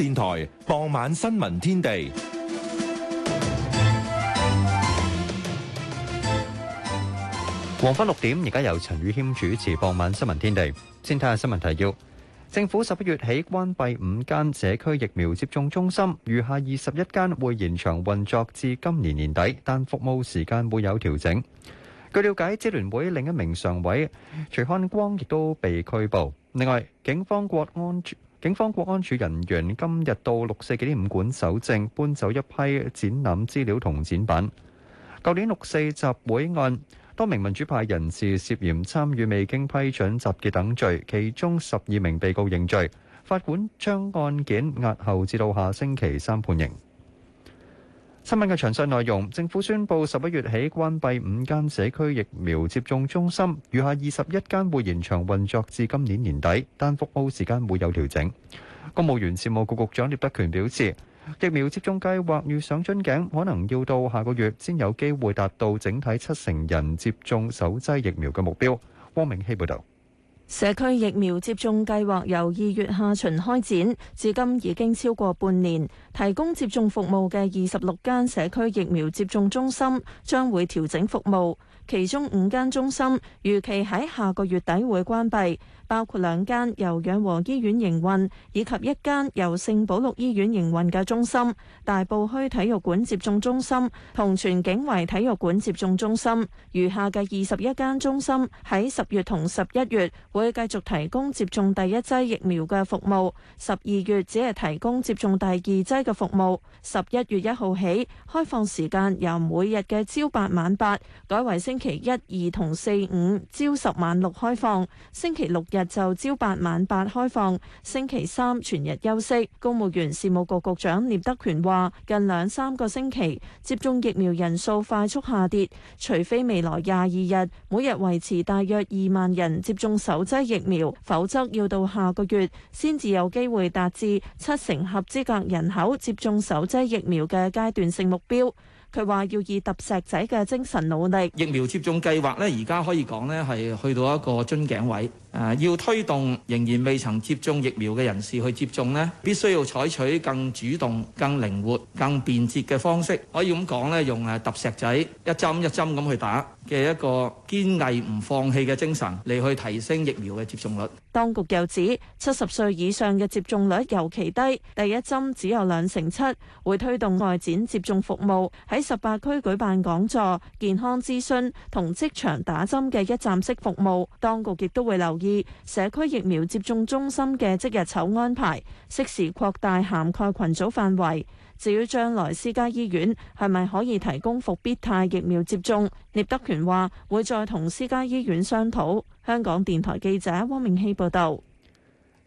電台傍晚新聞天地，黃昏六點，而家由陳宇謙主持傍晚新聞天地。先睇下新聞提要。政府十一月起關閉五間社區疫苗接種中心，餘下二十一間會延長運作至今年年底，但服務時間會有調整。據了解，支聯會另一名常委徐漢光亦都被拘捕。另外，警方國安處。警方國安處人員今日到六四紀念館搜證，搬走一批展覽資料同展品。舊年六四集會案，多名民主派人士涉嫌參與未經批准集結等罪，其中十二名被告認罪，法官將案件押後至到下星期三判刑。新聞嘅詳細內容，政府宣布十一月起關閉五間社區疫苗接種中心，餘下二十一間會延長運作至今年年底，但服務時間會有調整。公務員事務局局長聶德權表示，疫苗接種計劃遇上樽頸，可能要到下個月先有機會達到整體七成人接種首劑疫苗嘅目標。汪明希報導。社區疫苗接種計劃由二月下旬開展，至今已經超過半年。提供接種服務嘅二十六間社區疫苗接種中心將會調整服務。其中五間中心預期喺下個月底會關閉，包括兩間由養和醫院營運以及一間由聖保祿醫院營運嘅中心。大埔墟體育館接種中心同荃景圍體育館接種中心，餘下嘅二十一間中心喺十月同十一月會繼續提供接種第一劑疫苗嘅服務，十二月只係提供接種第二劑嘅服務，十一月一號起，開放時間由每日嘅朝八晚八，改為星。星期一、二同四五朝十晚六開放，星期六日就朝八晚八開放，星期三全日休息。公務員事務局局局長聶德權話，近兩三個星期接種疫苗人數快速下跌，除非未來廿二日每日維持大約二萬人接種首劑疫苗，否則要到下個月先至有機會達至七成合資格人口接種首劑疫苗嘅階段性目標。佢話要以揼石仔嘅精神努力疫苗接種計劃咧，而家可以講咧係去到一個樽頸位。誒，要推動仍然未曾接種疫苗嘅人士去接種咧，必須要採取更主動、更靈活、更便捷嘅方式。可以咁講咧，用誒揼石仔一針一針咁去打嘅一個堅毅唔放棄嘅精神嚟去提升疫苗嘅接種率。當局又指七十歲以上嘅接種率尤其低，第一針只有兩成七，會推動外展接種服務喺十八區舉辦講座、健康諮詢同職場打針嘅一站式服務，當局亦都會留意社區疫苗接種中心嘅即日籌安排，適時擴大涵蓋群組範圍。至於將來私家醫院係咪可以提供復必泰疫苗接種，聶德權話會再同私家醫院商討。香港電台記者汪明熙報道。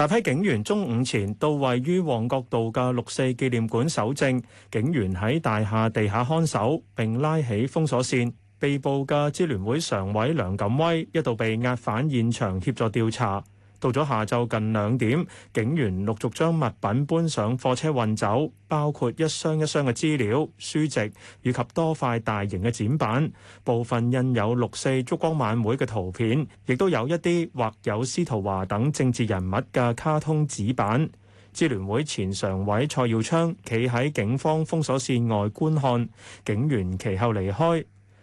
大批警員中午前到位於旺角道嘅六四紀念館搜證，警員喺大廈地下看守，並拉起封鎖線。被捕嘅支聯會常委梁錦威一度被押返現場協助調查。到咗下晝近兩點，警員陸續將物品搬上貨車運走，包括一箱一箱嘅資料、書籍以及多塊大型嘅展板，部分印有六四燭光晚會嘅圖片，亦都有一啲畫有司徒華等政治人物嘅卡通紙板。支聯會前常委蔡耀昌企喺警方封鎖線外觀看，警員其後離開。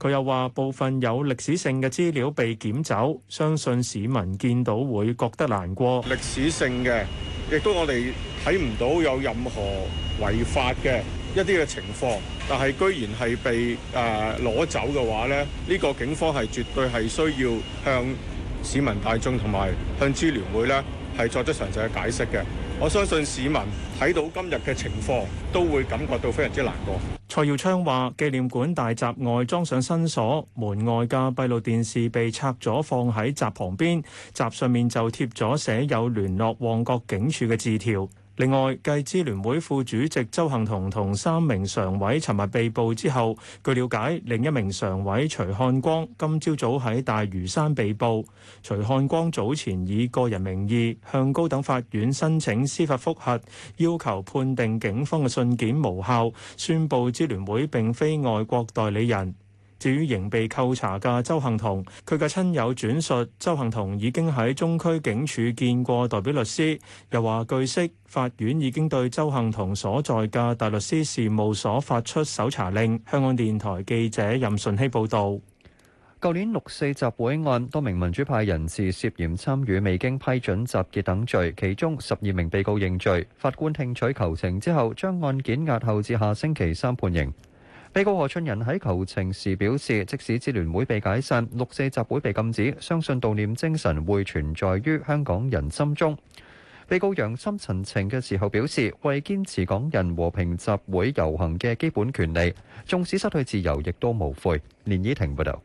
佢又話：部分有歷史性嘅資料被檢走，相信市民見到會覺得難過。歷史性嘅，亦都我哋睇唔到有任何違法嘅一啲嘅情況，但係居然係被誒攞、呃、走嘅話咧，呢、呢個警方係絕對係需要向市民大眾同埋向支聯會呢係作出詳細嘅解釋嘅。我相信市民睇到今日嘅情況，都會感覺到非常之難過。蔡耀昌話，紀念館大閘外裝上新鎖，門外嘅閉路電視被拆咗，放喺閘旁邊，閘上面就貼咗寫有聯絡旺角警署嘅字條。另外，繼支聯會副主席鄒幸彤同三名常委尋日被捕之後，據了解，另一名常委徐漢光今朝早喺大嶼山被捕。徐漢光早前以個人名義向高等法院申請司法覆核，要求判定警方嘅信件無效，宣佈支聯會並非外國代理人。至於仍被扣查嘅周幸彤，佢嘅親友轉述，周幸彤已經喺中區警署見過代表律師，又話據悉法院已經對周幸彤所在嘅大律師事務所發出搜查令。香港電台記者任順希報導。舊年六四集會案，多名民主派人士涉嫌參與未經批准集結等罪，其中十二名被告認罪。法官聽取求情之後，將案件押後至下星期三判刑。被告何俊仁喺求情時表示，即使支聯會被解散、六四集會被禁止，相信悼念精神會存在於香港人心中。被告楊森陳情嘅時候表示，為堅持港人和平集會遊行嘅基本權利，縱使失去自由，亦都無悔。連倚婷報導，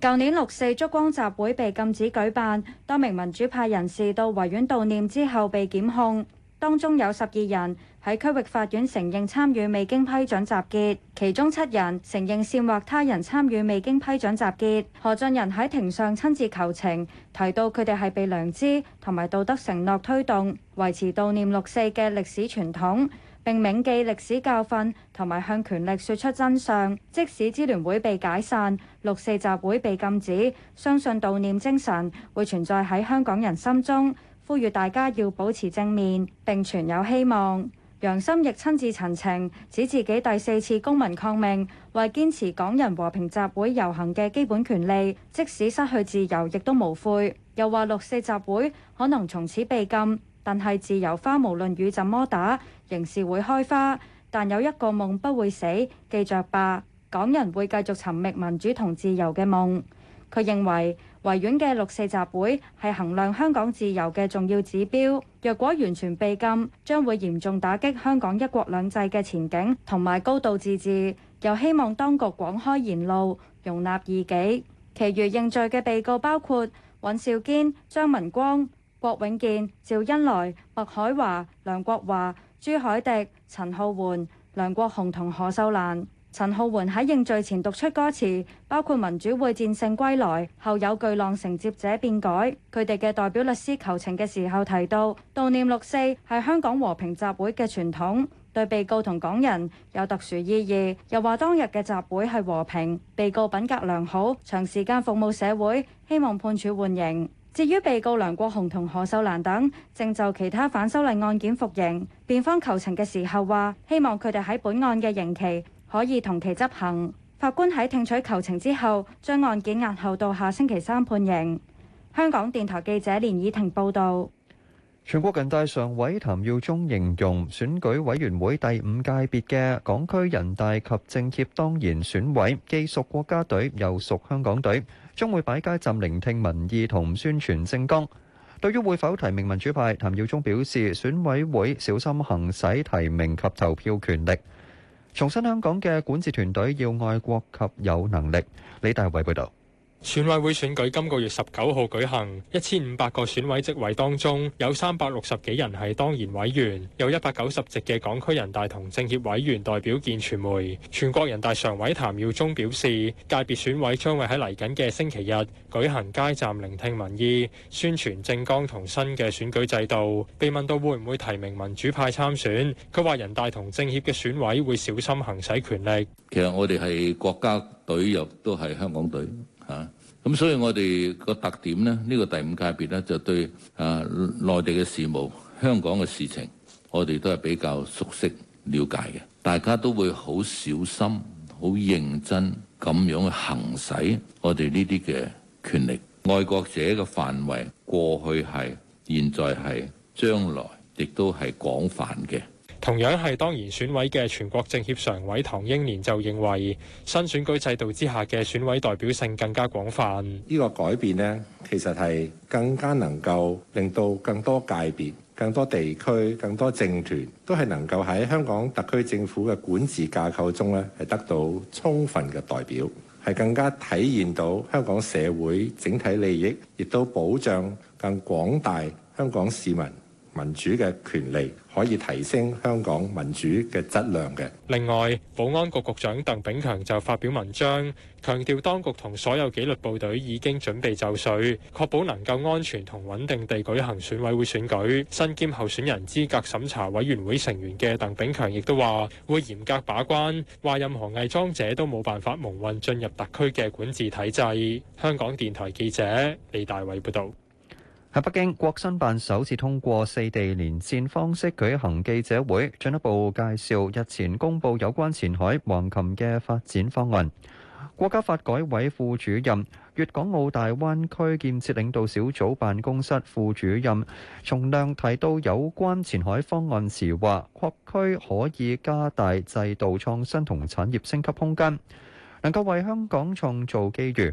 舊年六四燭光集會被禁止舉辦，多名民主派人士到維園悼念之後被檢控。當中有十二人喺區域法院承認參與未經批准集結，其中七人承認煽惑他人參與未經批准集結。何俊仁喺庭上親自求情，提到佢哋係被良知同埋道德承諾推動，維持悼念六四嘅歷史傳統，並銘記歷史教訓，同埋向權力説出真相。即使支聯會被解散，六四集會被禁止，相信悼念精神會存在喺香港人心中。呼籲大家要保持正面，並存有希望。楊森亦親自陳情，指自己第四次公民抗命，為堅持港人和平集會遊行嘅基本權利，即使失去自由，亦都無悔。又話六四集會可能從此被禁，但係自由花無論雨怎麼打，仍是會開花。但有一個夢不會死，記着吧，港人會繼續尋覓民主同自由嘅夢。佢認為。維園嘅六四集會係衡量香港自由嘅重要指標，若果完全被禁，將會嚴重打擊香港一國兩制嘅前景同埋高度自治。又希望當局廣開言路，容納異己。其餘認罪嘅被告包括尹兆堅、張文光、郭永健、趙恩來、麥海華、梁國華、朱凱迪、陳皓桓、梁國雄同何秀蘭。陳皓桓喺認罪前讀出歌詞，包括民主會戰勝歸來後有巨浪承接者變改。佢哋嘅代表律師求情嘅時候提到，悼念六四係香港和平集會嘅傳統，對被告同港人有特殊意義。又話當日嘅集會係和平，被告品格良好，長時間服務社會，希望判處緩刑。至於被告梁國雄同何秀蘭等正就其他反修例案件服刑，辯方求情嘅時候話，希望佢哋喺本案嘅刑期，可以同期執行。法官喺聽取求情之後，將案件押後到下星期三判刑。香港電台記者連以婷報導。全國人大常委譚耀宗形容，選舉委員會第五界別嘅港區人大及政協當然選委，既屬國家隊又屬香港隊，將會擺街站聆聽民意同宣傳政綱。對於會否提名民主派，譚耀宗表示，選委會小心行使提名及投票權力。重新香港嘅管治團隊要愛國及有能力。李大偉報道。選委會選舉今個月十九號舉行，一千五百個選委職位當中，有三百六十幾人係當然委員，有一百九十席嘅港區人大同政協委員代表見傳媒。全國人大常委譚耀宗表示，界別選委將會喺嚟緊嘅星期日舉行街站聆聽民意，宣傳政綱同新嘅選舉制度。被問到會唔會提名民主派參選，佢話人大同政協嘅選委會小心行使權力。其實我哋係國家隊入，又都係香港隊。嚇！咁所以我哋個特點呢，呢、呢個第五界別呢，就對啊內地嘅事務、香港嘅事情，我哋都係比較熟悉、了解嘅。大家都會好小心、好認真咁樣去行使我哋呢啲嘅權力。愛國者嘅範圍過去係、現在係、將來亦都係廣泛嘅。同樣係當然選委嘅全國政協常委唐英年就認為，新選舉制度之下嘅選委代表性更加廣泛。呢個改變呢，其實係更加能夠令到更多界別、更多地區、更多政團都係能夠喺香港特區政府嘅管治架構中咧係得到充分嘅代表，係更加體現到香港社會整體利益，亦都保障更廣大香港市民民主嘅權利可以提升香港民主嘅質量嘅。另外，保安局局長鄧炳強就發表文章，強調當局同所有紀律部隊已經準備就緒，確保能夠安全同穩定地舉行選委會選舉。身兼候選人資格審查委員會成員嘅鄧炳強亦都話會嚴格把關，話任何偽裝者都冇辦法蒙混進入特區嘅管治體制。香港電台記者李大偉報導。喺北京，國新辦首次通過四地連線方式舉行記者會，進一步介紹日前公布有關前海橫琴嘅發展方案。國家發改委副主任、粵港澳大灣區建設領導小組辦公室副主任從亮提到有關前海方案時話，擴區可以加大制度創新同產業升級空間，能夠為香港創造機遇。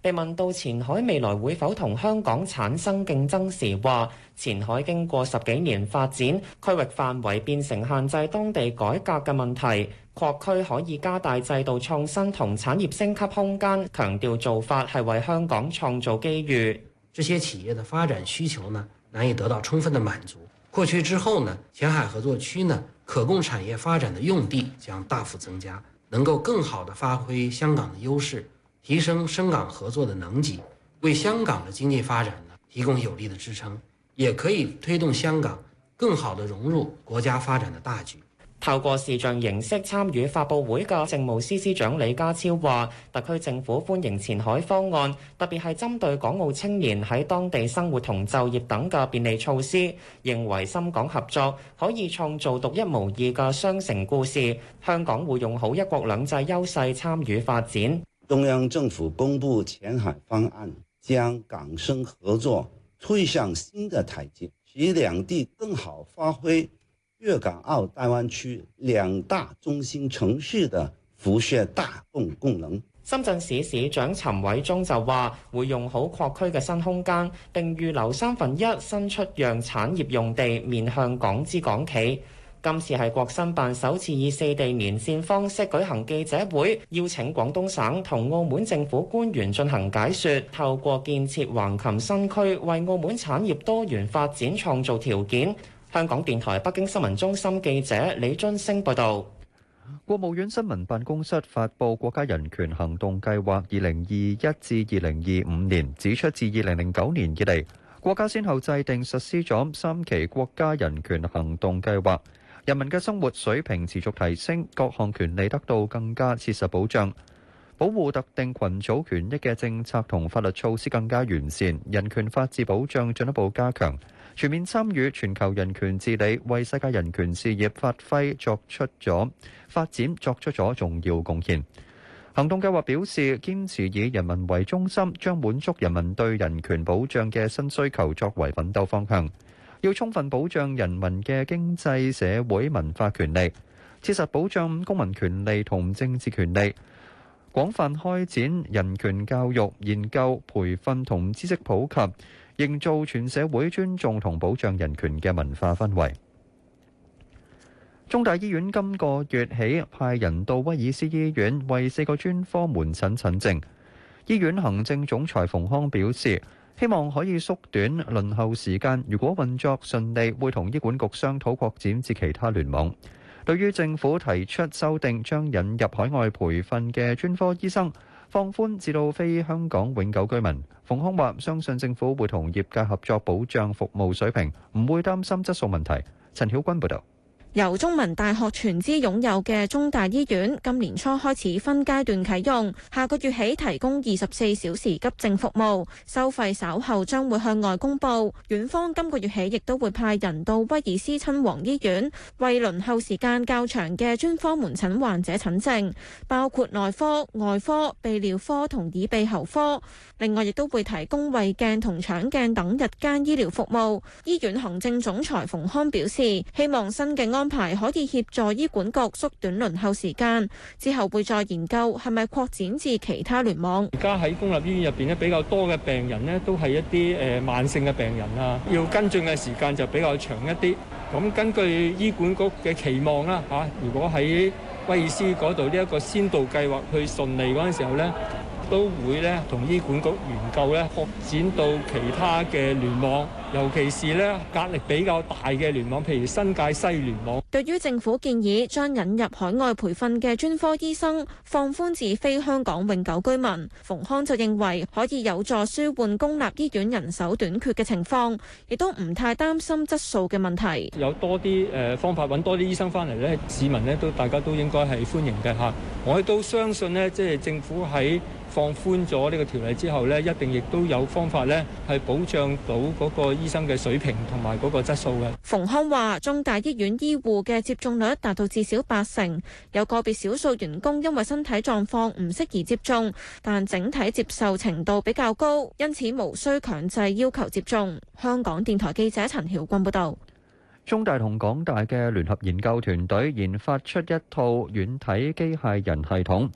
被問到前海未來會否同香港產生競爭時，話前海經過十幾年發展，區域範圍變成限制當地改革嘅問題。擴區可以加大制度創新同產業升級空間，強調做法係為香港創造機遇。這些企業嘅發展需求呢，難以得到充分嘅滿足。擴區之後呢，前海合作區呢，可供產業發展嘅用地將大幅增加，能夠更好地發揮香港嘅優勢。提升深港合作的能級，為香港的經濟發展呢提供有力的支撐，也可以推動香港更好地融入國家發展的大局。透過視像形式參與發佈會嘅政務司司長李家超話，特區政府歡迎前海方案，特別係針對港澳青年喺當地生活同就業等嘅便利措施。認為深港合作可以創造獨一無二嘅雙城故事，香港會用好一國兩制優勢參與發展。中央政府公布前海方案，將港深合作推上新的台階，使兩地更好發揮粵港澳大灣區兩大中心城市的輻射大動功能。深圳市市長陳偉忠就話：會用好擴區嘅新空間，並預留三分一新出讓產業用地面向港資港企。今次係國新辦首次以四地連線方式舉行記者會，邀請廣東省同澳門政府官員進行解說。透過建設橫琴新區，為澳門產業多元發展創造條件。香港電台北京新聞中心記者李津升報道。國務院新聞辦公室發布《國家人權行動計劃（二零二一至二零二五年）》，指出自二零零九年以來，國家先後制定實施咗三期國家人權行動計劃。人民嘅生活水平持續提升，各項權利得到更加切實保障，保護特定群組權益嘅政策同法律措施更加完善，人權法治保障進一步加強，全面參與全球人權治理，為世界人權事業發揮作出咗發展作出咗重要貢獻。行動計劃表示，堅持以人民為中心，將滿足人民對人權保障嘅新需求作為奮鬥方向。要充分保障人民嘅經濟、社會、文化權利，切實保障公民權利同政治權利，廣泛開展人權教育、研究、培訓同知識普及，營造全社會尊重同保障人權嘅文化氛圍。中大醫院今個月起派人到威爾斯醫院為四個專科門診診症，醫院行政總裁馮康表示，希望可以縮短輪候時間。如果運作順利，會同醫管局商討擴展至其他聯網。對於政府提出修訂，將引入海外培訓嘅專科醫生，放寬至到非香港永久居民，馮康話相信政府會同業界合作保障服務水平，唔會擔心質素問題。陳曉君報道。由中文大學全資擁有嘅中大醫院，今年初開始分階段啟用，下個月起提供二十四小時急症服務，收費稍後將會向外公布。院方今個月起亦都會派人到威爾斯親王醫院，為輪候時間較長嘅專科門診患者診症，包括內科、外科、泌尿科同耳鼻喉科。另外，亦都會提供胃鏡同腸鏡等日間醫療服務。醫院行政總裁馮康表示，希望新嘅安排可以協助醫管局縮短輪候時間，之後會再研究係咪擴展至其他聯網。而家喺公立醫院入邊呢，比較多嘅病人呢，都係一啲誒慢性嘅病人啊，要跟進嘅時間就比較長一啲。咁根據醫管局嘅期望啦，吓，如果喺威爾斯嗰度呢一個先導計劃去順利嗰陣時候呢，都會咧同醫管局研究咧擴展到其他嘅聯網，尤其是咧壓力比較大嘅聯網，譬如新界西聯網。對於政府建議將引入海外培訓嘅專科醫生放寬至非香港永久居民，馮康就認為可以有助舒緩公立醫院人手短缺嘅情況，亦都唔太擔心質素嘅問題。有多啲誒方法揾多啲醫生翻嚟咧，市民咧都大家都應該係歡迎嘅嚇。我亦都相信咧，即係政府喺放寬咗呢個條例之後呢，一定亦都有方法呢，係保障到嗰個醫生嘅水平同埋嗰個質素嘅。馮康話：中大醫院醫護嘅接種率達到至少八成，有個別少數員工因為身體狀況唔適宜接種，但整體接受程度比較高，因此無需強制要求接種。香港電台記者陳曉君報導。中大同港大嘅聯合研究團隊研發出一套軟體機械人系統。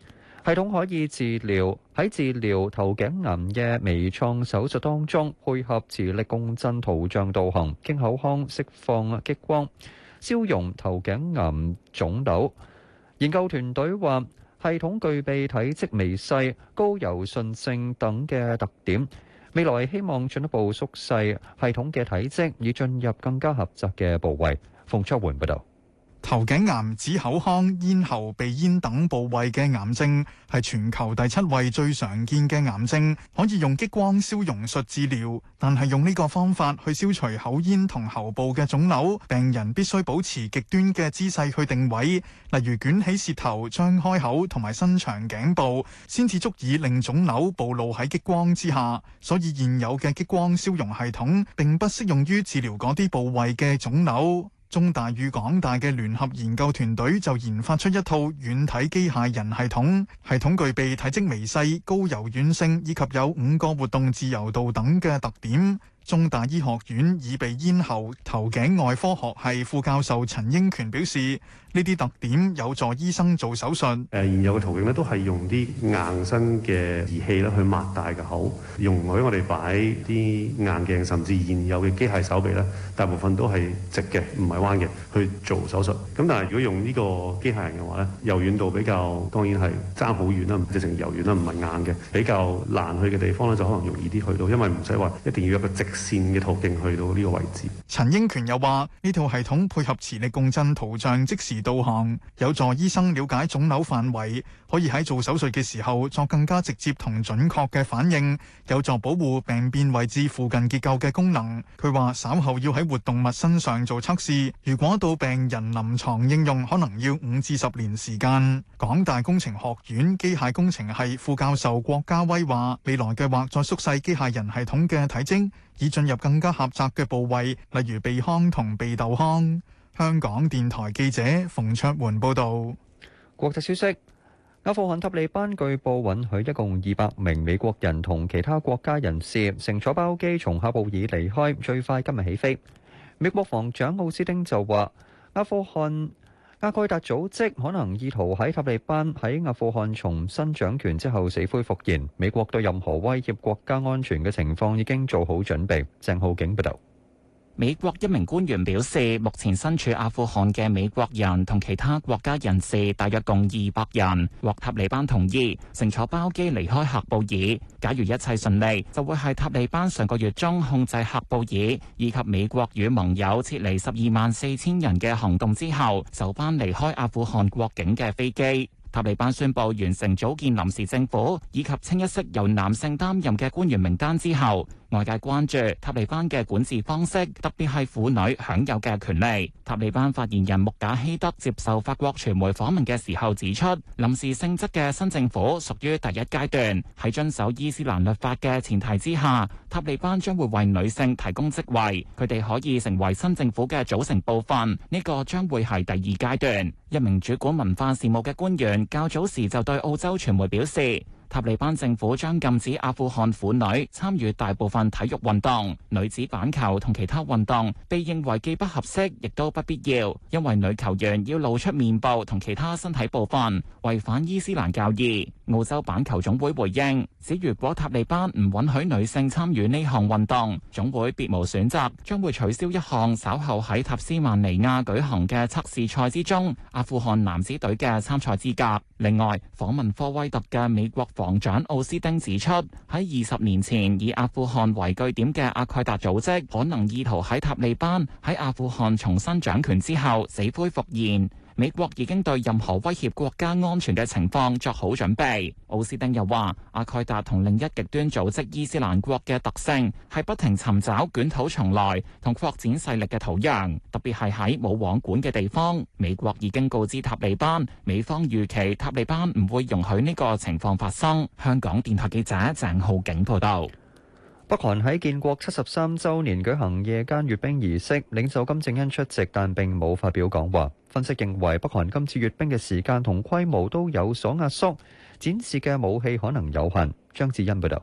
系統可以治療喺治療頭頸癌嘅微創手術當中，配合磁力共振圖像導航，經口腔釋放激光消融頭頸癌腫瘤。研究團隊話，系統具備體積微細、高柔順性等嘅特點，未來希望進一步縮細系統嘅體積，以進入更加狹窄嘅部位。馮卓桓報道。頭頸癌，指口腔、咽喉、鼻咽等部位嘅癌症，係全球第七位最常見嘅癌症，可以用激光消融術治療。但係用呢個方法去消除口咽同喉部嘅腫瘤，病人必須保持極端嘅姿勢去定位，例如捲起舌頭、張開口同埋伸長頸部，先至足以令腫瘤暴露喺激光之下。所以現有嘅激光消融系統，並不適用於治療嗰啲部位嘅腫瘤。中大與港大嘅聯合研究團隊就研發出一套軟體機械人系統，系統具備體積微細、高柔軟性以及有五個活動自由度等嘅特點。中大醫學院耳鼻咽喉頭頸外科學系副教授陳英權表示。呢啲特點有助醫生做手術。誒，現有嘅途徑咧，都係用啲硬身嘅儀器咧去擘大個口，容許我哋擺啲硬鏡，甚至現有嘅機械手臂咧，大部分都係直嘅，唔係彎嘅去做手術。咁但係如果用呢個機械人嘅話咧，柔軟度比較，當然係爭好遠啦，直成柔軟啦，唔係硬嘅，比較難去嘅地方咧，就可能容易啲去到，因為唔使話一定要有個直線嘅途徑去到呢個位置。陳英權又話：呢套系統配合磁力共振圖像，即時導航有助醫生了解腫瘤範圍，可以喺做手術嘅時候作更加直接同準確嘅反應，有助保護病變位置附近結構嘅功能。佢話稍後要喺活動物身上做測試，如果到病人臨牀應用，可能要五至十年時間。港大工程學院機械工程系副教授郭家威話，未來計劃再縮細機械人系統嘅體積，以進入更加狹窄嘅部位，例如鼻腔同鼻竇腔。香港電台記者馮卓媛報道，國際消息：阿富汗塔利班據報允許一共二百名美國人同其他國家人士乘坐包機從喀布爾離開，最快今日起飛。美國防長奧斯汀就話，阿富汗阿蓋達組織可能意圖喺塔利班喺阿富汗重新掌權之後死灰復燃。美國對任何威脅國家安全嘅情況已經做好準備。鄭浩景報道。美國一名官員表示，目前身處阿富汗嘅美國人同其他國家人士，大約共二百人，獲塔利班同意乘坐包機離開喀布爾。假如一切順利，就會係塔利班上個月中控制喀布爾以及美國與盟友撤離十二萬四千人嘅行動之後，首班離開阿富汗國境嘅飛機。塔利班宣布完成組建臨時政府以及清一色由男性擔任嘅官員名單之後，外界關注塔利班嘅管治方式，特別係婦女享有嘅權利。塔利班發言人穆賈希德接受法國傳媒訪問嘅時候指出，臨時性質嘅新政府屬於第一階段，喺遵守伊斯蘭律法嘅前提之下，塔利班將會為女性提供職位，佢哋可以成為新政府嘅組成部分。呢個將會係第二階段。一名主管文化事務嘅官員較早時就對澳洲傳媒表示。塔利班政府將禁止阿富汗婦女參與大部分體育運動，女子板球同其他運動被認為既不合適亦都不必要，因為女球員要露出面部同其他身體部分，違反伊斯蘭教義。澳洲板球總會回應，指如果塔利班唔允許女性參與呢項運動，總會別無選擇，將會取消一項稍後喺塔斯曼尼亞舉行嘅測試賽之中，阿富汗男子隊嘅參賽資格。另外，訪問科威特嘅美國。防長奧斯丁指出，喺二十年前以阿富汗為據點嘅阿蓋達組織，可能意圖喺塔利班喺阿富汗重新掌權之後死灰復燃。美國已經對任何威脅國家安全嘅情況作好準備。奧斯汀又話，阿蓋達同另一極端組織伊斯蘭國嘅特性係不停尋找捲土重來同擴展勢力嘅土壤，特別係喺冇王管嘅地方。美國已經告知塔利班，美方預期塔利班唔會容許呢個情況發生。香港電台記者鄭浩景報道。北韓喺建國七十三週年舉行夜間閱兵儀式，領袖金正恩出席，但並冇發表講話。分析認為，北韓今次閱兵嘅時間同規模都有所壓縮，展示嘅武器可能有限。張智欣報導。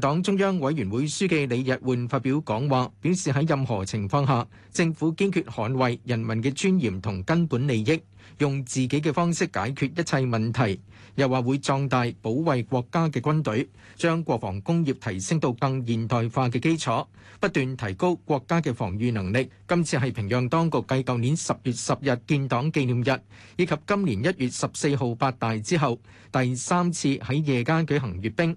黨中央委員會書記李日煥發表講話，表示喺任何情況下，政府堅決捍衛人民嘅尊嚴同根本利益，用自己嘅方式解決一切問題。又話會壯大保衛國家嘅軍隊，將國防工業提升到更現代化嘅基礎，不斷提高國家嘅防禦能力。今次係平壤當局繼舊年十月十日建黨紀念日以及今年一月十四號八大之後第三次喺夜間舉行閱兵。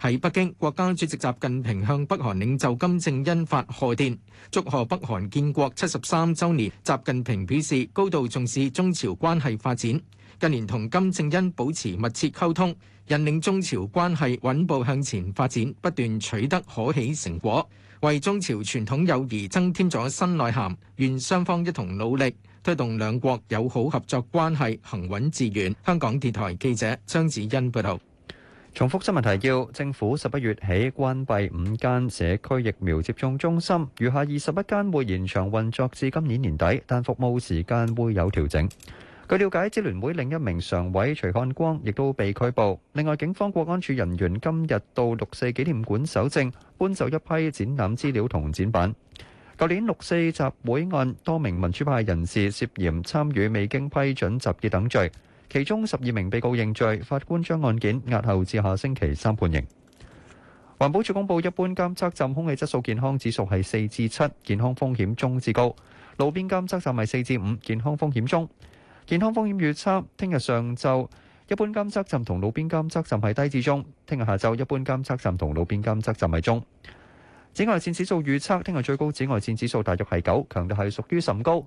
喺北京，國家主席習近平向北韓領袖金正恩發賀電，祝賀北韓建國七十三週年。習近平表示，高度重視中朝關係發展，近年同金正恩保持密切溝通，引領中朝關係穩步向前發展，不斷取得可喜成果，為中朝傳統友誼增添咗新內涵。願雙方一同努力，推動兩國友好合作關係行穩致遠。香港電台記者張子欣報道。重複新聞提要：政府十一月起關閉五間社區疫苗接種中心，餘下二十一間會延長運作至今年年底，但服務時間會有調整。據了解，支聯會另一名常委徐漢光亦都被拘捕。另外，警方國安處人員今日到六四紀念館搜證，搬走一批展覽資料同展板。舊年六四集會案多名民主派人士涉嫌參與未經批准集結等罪。其中十二名被告認罪，法官將案件押後至下星期三判刑。環保署公布，一般監測站空氣質素健康指數係四至七，7, 健康風險中至高；路邊監測站係四至五，5, 健康風險中。健康風險預測：聽日上晝一般監測站同路邊監測站係低至中；聽日下晝一般監測站同路邊監測站係中。紫外線指數預測：聽日最高紫外線指數大約係九，強度係屬於甚高。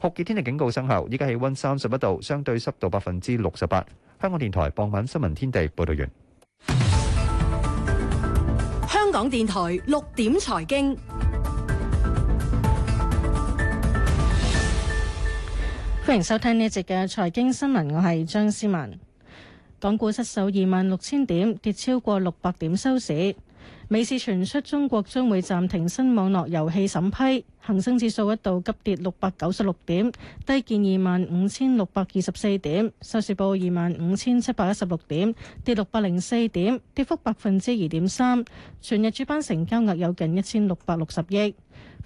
酷熱天氣警告生效，依家氣溫三十一度，相對濕度百分之六十八。香港電台傍晚新聞天地報道完。香港電台六點財經，歡迎收聽呢一節嘅財經新聞，我係張思文。港股失守二萬六千點，跌超過六百點收市。美市傳出中國將會暫停新網絡遊戲審批。恒生指數一度急跌六百九十六點，低見二萬五千六百二十四點，收市報二萬五千七百一十六點，跌六百零四點，跌幅百分之二點三。全日主板成交額有近一千六百六十億。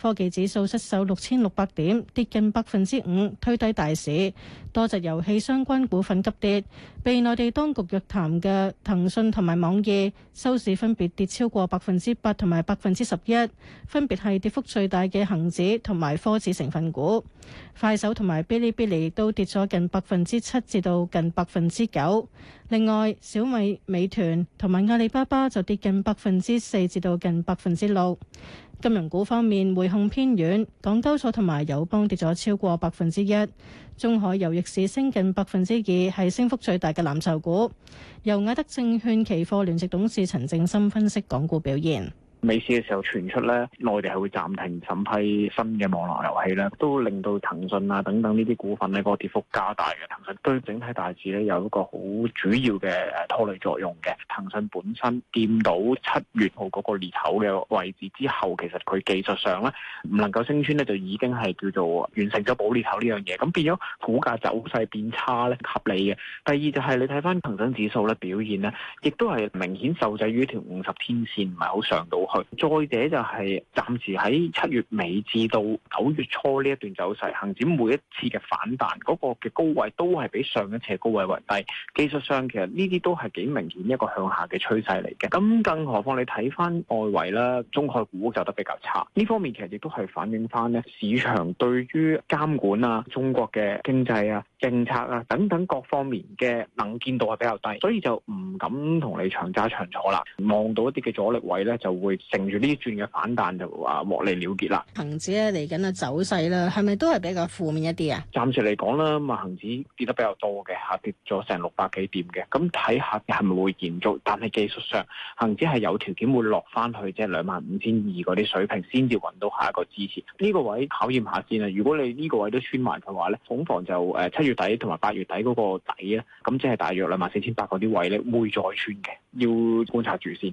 科技指數失守六千六百點，跌近百分之五，推低大市。多隻遊戲相關股份急跌，被內地當局約談嘅騰訊同埋網易，收市分別跌超過百分之八同埋百分之十一，分別係跌幅最大嘅恒指同埋科技成分股，快手同埋嗶哩嗶哩都跌咗近百分之七至到近百分之九。另外，小米、美團同埋阿里巴巴就跌近百分之四至到近百分之六。金融股方面，匯控偏遠港交所同埋友邦跌咗超過百分之一。中海油逆市升近百分之二，係升幅最大嘅藍籌股。由亞德證券期貨聯席董事陳正森分析港股表現。美市嘅時候傳出咧，內地係會暫停審批新嘅網絡遊戲咧，都令到騰訊啊等等呢啲股份嘅、嗰個跌幅加大嘅。騰訊對整體大市咧有一個好主要嘅誒拖累作用嘅。騰訊本身掂到七月號嗰個裂口嘅位置之後，其實佢技術上咧唔能夠升穿咧，就已經係叫做完成咗補裂口呢樣嘢。咁變咗股價走勢變差咧，合理嘅。第二就係你睇翻騰訊指數咧表現咧，亦都係明顯受制於呢條五十天線唔係好上到。再者就係暫時喺七月尾至到九月初呢一段走勢，恆指每一次嘅反彈，嗰個嘅高位都係比上一次嘅高位為低。技術上其實呢啲都係幾明顯一個向下嘅趨勢嚟嘅。咁更何況你睇翻外圍啦，中概股走得比較差。呢方面其實亦都係反映翻呢市場對於監管啊、中國嘅經濟啊、政策啊等等各方面嘅能見度係比較低，所以就唔敢同你長揸長坐啦。望到一啲嘅阻力位呢，就會。乘住呢一轉嘅反彈就話獲利了結啦。恒指咧嚟緊嘅走勢咧，係咪都係比較負面一啲啊？暫時嚟講啦，咁啊恆指跌得比較多嘅，下跌咗成六百幾點嘅。咁睇下係咪會延續？但係技術上，恒指係有條件會落翻去即係兩萬五千二嗰啲水平先至揾到下一個支持。呢個位考驗下先啦。如果你呢個位都穿埋嘅話咧，恐防就誒七月底同埋八月底嗰個底啊，咁即係大約兩萬四千八嗰啲位咧會再穿嘅，要觀察住先。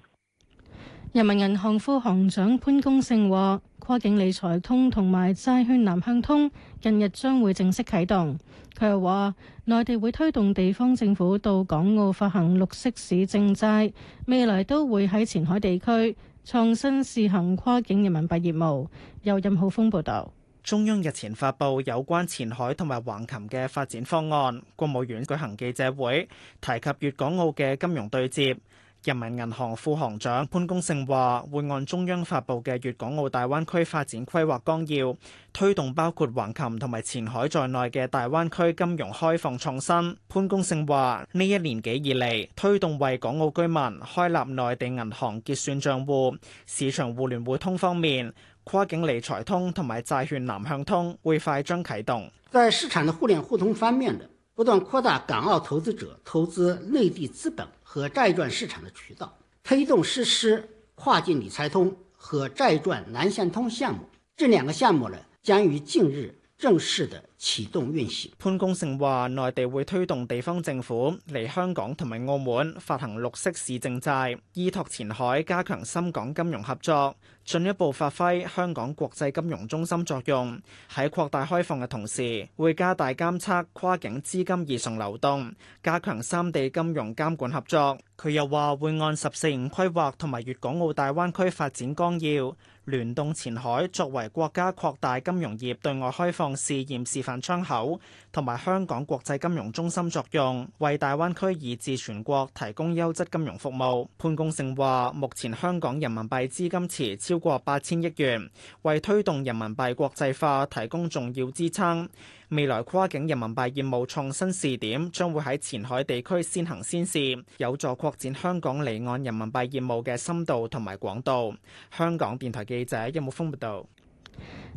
人民銀行副行長潘功勝話，跨境理財通同埋債券南向通近日將會正式啟動。佢又話，內地會推動地方政府到港澳發行綠色市政債，未來都會喺前海地區創新試行跨境人民幣業務。由任浩峰報道。中央日前發布有關前海同埋橫琴嘅發展方案，國務院舉行記者會，提及粵港澳嘅金融對接。人民銀行副行長潘功勝話，會按中央發佈嘅《粵港澳大灣區發展規劃綱要》，推動包括橫琴同埋前海在內嘅大灣區金融開放創新。潘功勝話呢一年幾以嚟，推動為港澳居民開立內地銀行結算賬戶。市場互聯互通方面，跨境理財通同埋債券南向通會快將啟動。在市場的互聯互通方面的，的不斷擴大港澳投資者投資內地資本。和債券市場的渠道，推動實施跨境理財通和債券南向通項目。這兩個項目呢，將於近日，正式的啟動運行。潘功勝話內地會推動地方政府嚟香港同埋澳門發行綠色市政債，依託前海加強深港金融合作，進一步發揮香港國際金融中心作用。喺擴大開放嘅同時，會加大監測跨境資金異常流動，加強三地金融監管合作。佢又話會按十四五規劃同埋粵港澳大灣區發展綱要。聯動前海作為國家擴大金融業對外開放試驗示範窗口，同埋香港國際金融中心作用，為大灣區以至全國提供優質金融服務。潘功勝話，目前香港人民幣資金池超過八千億元，為推動人民幣國際化提供重要支撐。未來跨境人民幣業務創新試點將會喺前海地區先行先試，有助擴展香港離岸人民幣業務嘅深度同埋廣度。香港電台記者殷木峯報道。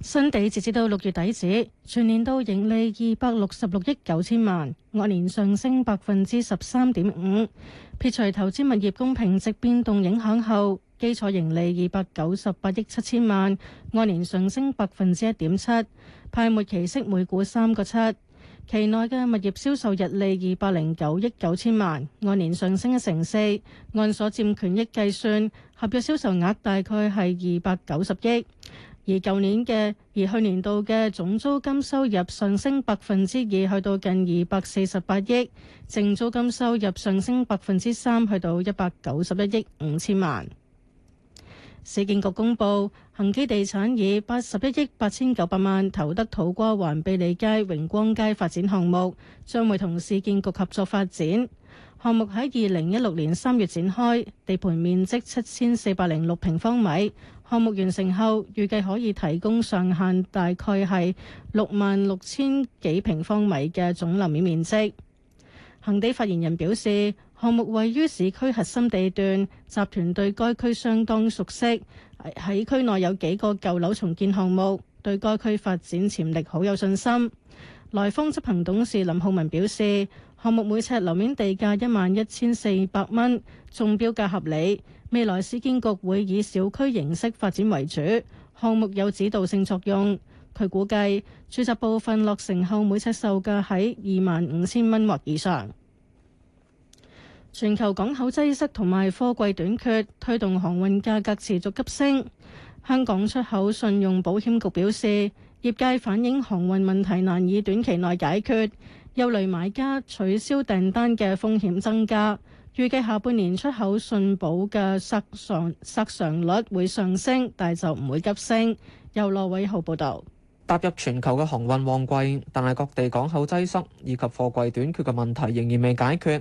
新地截至到六月底止，全年都盈利二百六十六億九千萬，按年上升百分之十三點五。撇除投資物業公平值變動影響後。基礎盈利二百九十八億七千萬，按年上升百分之一點七，派末期息每股三個七。期內嘅物業銷售溢利二百零九億九千萬，按年上升一成四。按所佔權益計算，合約銷售額大概係二百九十億。而舊年嘅而去年度嘅總租金收入上升百分之二，去到近二百四十八億，淨租金收入上升百分之三，去到一百九十一億五千萬。市建局公布，恒基地產以八十一億八千九百萬投得土瓜灣庇利街榮光街發展項目，將會同市建局合作發展。項目喺二零一六年三月展開，地盤面積七千四百零六平方米。項目完成後，預計可以提供上限大概係六萬六千幾平方米嘅總樓面面積。恒地發言人表示。項目位於市區核心地段，集團對該區相當熟悉。喺區內有幾個舊樓重建項目，對該區發展潛力好有信心。來豐執行董事林浩文表示，項目每尺樓面地價一萬一千四百蚊，中標價合理。未來市建局會以小區形式發展為主，項目有指導性作用。佢估計住宅部分落成後，每尺售價喺二萬五千蚊或以上。全球港口擠塞同埋貨櫃短缺，推動航運價格持續急升。香港出口信用保險局表示，業界反映航運問題難以短期內解決，憂慮買家取消訂單嘅風險增加。預計下半年出口信保嘅失常失常率會上升，但就唔會急升。由羅偉浩報導。踏入全球嘅航運旺季，但係各地港口擠塞以及貨櫃短缺嘅問題仍然未解決，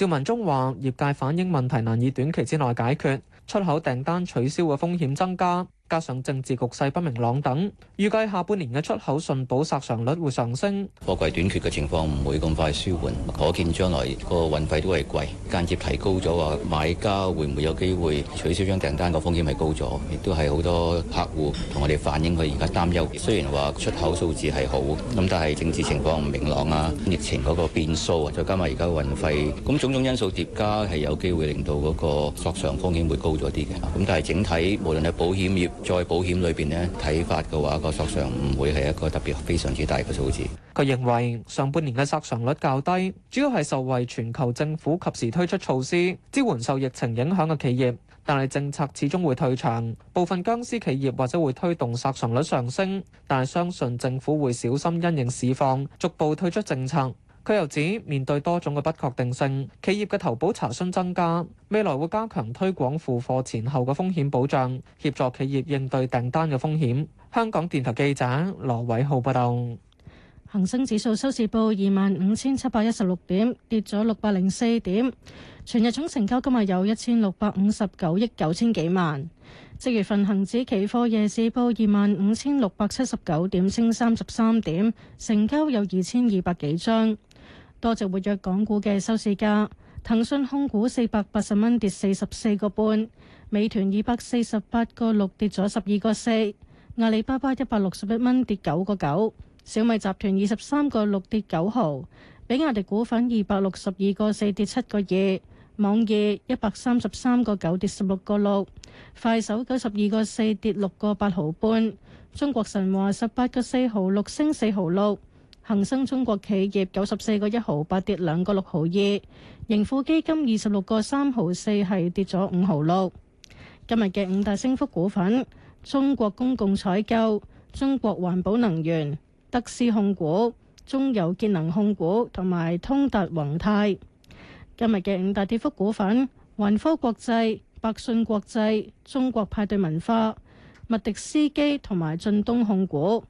趙文忠話：業界反映問題難以短期之內解決，出口訂單取消嘅風險增加。加上政治局勢不明朗等，預計下半年嘅出口信保索償率會上升。貨櫃短缺嘅情況唔會咁快舒緩，可見將來個運費都係貴，間接提高咗話買家會唔會有機會取消張訂單個風險係高咗，亦都係好多客戶同我哋反映佢而家擔憂，雖然話出口數字係好，咁但係政治情況唔明朗啊，疫情嗰個變數啊，再加埋而家運費咁種種因素疊加係有機會令到嗰個索償風險會高咗啲嘅。咁但係整體無論係保險業。再保險裏邊呢，睇法嘅話，個索償唔會係一個特別非常之大嘅數字。佢認為上半年嘅索償率較低，主要係受惠全球政府及時推出措施支援受疫情影響嘅企業，但係政策始終會退場，部分僵屍企業或者會推動索償率上升，但係相信政府會小心因應市況，逐步退出政策。佢又指，面對多種嘅不確定性，企業嘅投保查詢增加，未來會加強推廣付貨前後嘅風險保障，協助企業應對訂單嘅風險。香港電台記者羅偉浩報道。恒生指數收市報二萬五千七百一十六點，跌咗六百零四點。全日總成交今日有一千六百五十九億九千幾萬。即月份恒指期貨夜市報二萬五千六百七十九點，升三十三點，成交有二千二百幾張。多隻活躍港股嘅收市價，騰訊控股四百八十蚊跌四十四個半，美團二百四十八個六跌咗十二個四，阿里巴巴一百六十一蚊跌九個九，小米集團二十三個六跌九毫，比亞迪股份二百六十二個四跌七個二，網易一百三十三個九跌十六個六，快手九十二個四跌六個八毫半，中國神華十八個四毫六升四毫六。恒生中國企業九十四個一毫八跌兩個六毫二，盈富基金二十六個三毫四係跌咗五毫六。今日嘅五大升幅股份：中國公共採購、中國環保能源、德斯控股、中油節能控股同埋通達宏泰。今日嘅五大跌幅股份：環科國際、百信國際、中國派對文化、麥迪斯基同埋晉東控股。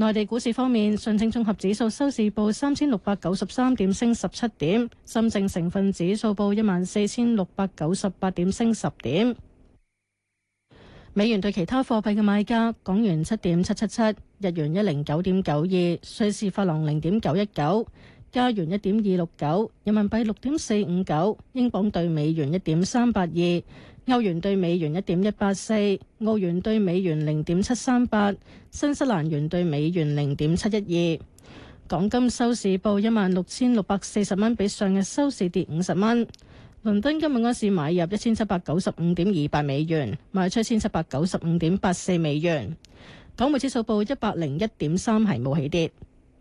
內地股市方面，上證綜合指數收市報三千六百九十三點，升十七點；深證成分指數報一萬四千六百九十八點，升十點。美元對其他貨幣嘅賣價：港元七點七七七，日元一零九點九二，瑞士法郎零點九一九，加元一點二六九，人民幣六點四五九，英鎊兌美元一點三八二。歐元對美元一點一八四，澳元對美元零點七三八，新西蘭元對美元零點七一二。港金收市報一萬六千六百四十蚊，比上日收市跌五十蚊。倫敦今日安市買入一千七百九十五點二八美元，賣出一千七百九十五點八四美元。港匯指數報一百零一點三，係冇起跌。